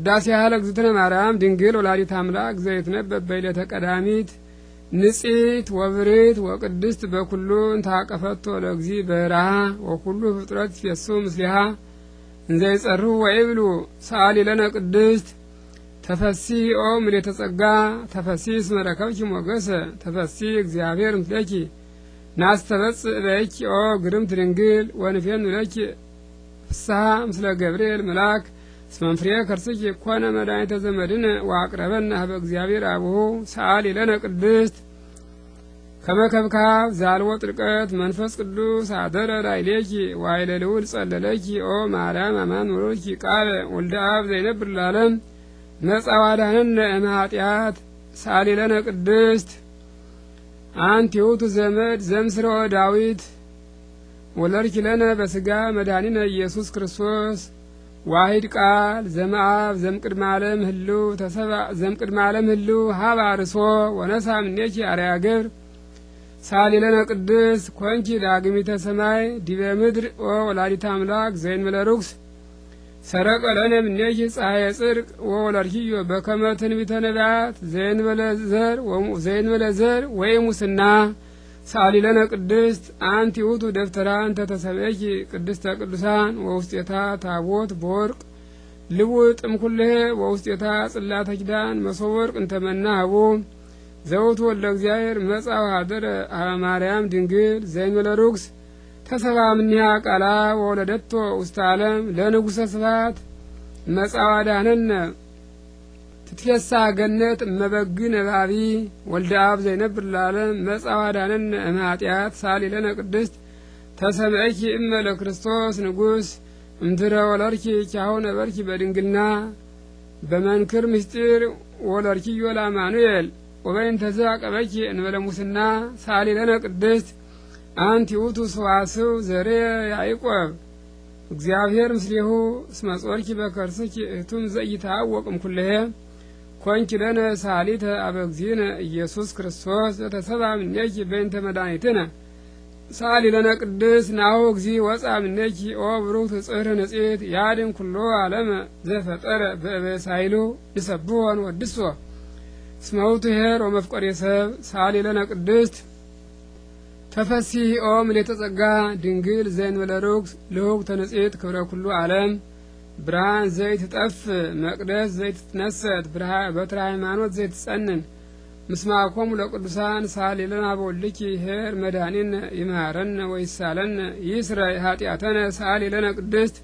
ውዳሴ ያህል እግዝእትነ ማርያም ድንግል ወላዲት አምላክ ዘይትነበብ በይሌተ ቀዳሚት ንጽት ወብርህት ወቅድስት በኩሉ እንታቀፈቶ ለእግዚ በርሃ ወኩሉ ፍጥረት የሱ ምስሊሃ እንዘ ወይብሉ ሰአሊ ለነ ቅድስት ተፈሲ ኦ ምልዕተ ጸጋ ተፈሲ እስመ ረከብኪ ሞገሰ ተፈሲ እግዚአብሔር ምስሌኪ ናስተበጽእ በኪ ኦ ግርምት ድንግል ወንፌን ምለኪ ፍስሐ ምስለ ገብርኤል መልአክ ስመንፍሬ ከርስኪ ኮነ መድኃኒተ ዘመድነ ወአቅረበነ ህበ እግዚአብሔር አቡሁ ሰአሊ ለነ ቅድስት ከመከብካብ ዛልዎ ጥልቀት መንፈስ ቅዱስ አደረ ላዕሌኪ ዋይለ ልዑል ጸለለኪ ኦ ማርያም አማን ኖሮኪ ቃለ ወልደ አብ ዘይነብር ላለም መጻዋዳንን እምኃጢአት ሳሊ ለነ ቅድስት አንቲ ውእቱ ዘመድ ዘምስርወ ዳዊት ወለድኪ ለነ በሥጋ መድኃኒነ ኢየሱስ ክርስቶስ ዋሂድ ቃል ዘመአብ ዘምቅድመ ዓለም ህልው ዘምቅድመ ዓለም ህሉ ሀብ አርሶ ወነሳ እምኔኪ አርያ ግብር ሳሊለነ ቅድስ ኮንቺ ዳግሚተ ሰማይ ዲበ ምድር ኦ ወላዲተ አምላክ ዘይን ርኩስ ሰረቀ ለነ እምኔኪ ፀሐየ ጽድቅ ወወለድኪዮ በከመ ትንቢተ ነቢያት በለ ዘር ሙስና ሳሊለነ ቅድስት አንቲ ውቱ ደብተራ እንተ ተሰብእኪ ቅድስተ ቅዱሳን ወውስጤታ ታቦት በወርቅ ልቡ እምኩልሄ ወውስጤታ ጽላተ ኪዳን መሶበ ወርቅ እንተ መናህቦ ዘውቱ ወልደ እግዚአብሔር መጻው ሀደረ ማርያም ድንግል ዘይንበለ ርኩስ ተሰባ እምኔሃ ቃላ ወለደቶ ውስተ ዓለም ለንጉሰ ስፋት መጻ ትትፌሳ ገነት እመበግ ነባቢ ወልደ አብ ዘይነብር ላለም መጻዋዳንን እማጢያት ሳሊለነ ቅድስት ተሰምዐኪ እመ ለክርስቶስ ንጉሥ እምድረ ወለርኪ ቻሁ ነበርኪ በድንግልና በመንክር ምስጢር ወለርኪ ዮላ ማኑኤል ወበይንተዘ አቀበኪ እንበለ ሙስና ሳሊለነ ቅድስት አንቲ ውቱ ስዋስው ዘሬ ያዕቆብ እግዚአብሔር ምስሌሁ እስመ ጾርኪ በከርስኪ እህቱም ዘይታወቅም ኩለሄ ኮንኪ ለነ ሳሊተ አበግዚነ ኢየሱስ ክርስቶስ ዘተሰብአ እምኔኪ በእንተ መድኃኒትነ ሳሊ ለነ ቅድስ ናሁ እግዚ ወጻ እምኔኪ ኦ ብሩክት ጽሕረ ንጽሕት ያድን ኩሎ ዓለመ ዘፈጠረ በእበ ሳይሉ ንሰብሖ ወድሶ እስመ ውእቱ ወመፍቀሬ ሰብ ሳሊ ለነ ቅድስት ተፈሲ ኦ ምሌተ ጸጋ ድንግል ዘእንበለ ርኵስ ልሁቅ ተንጽሕት ክብረ ኩሉ ዓለም ብርሃን ዘይት ጠፍ መቅደስ ዘይት ትነሰት በትረ ሃይማኖት ዘይት ጸንን ምስማኮሙ ለቅዱሳን ሳሌለን አበወልኪ ሄር መድኃኒን ይማረን ወይሳለን ይስረ ኃጢአተነ ለነ ቅድስት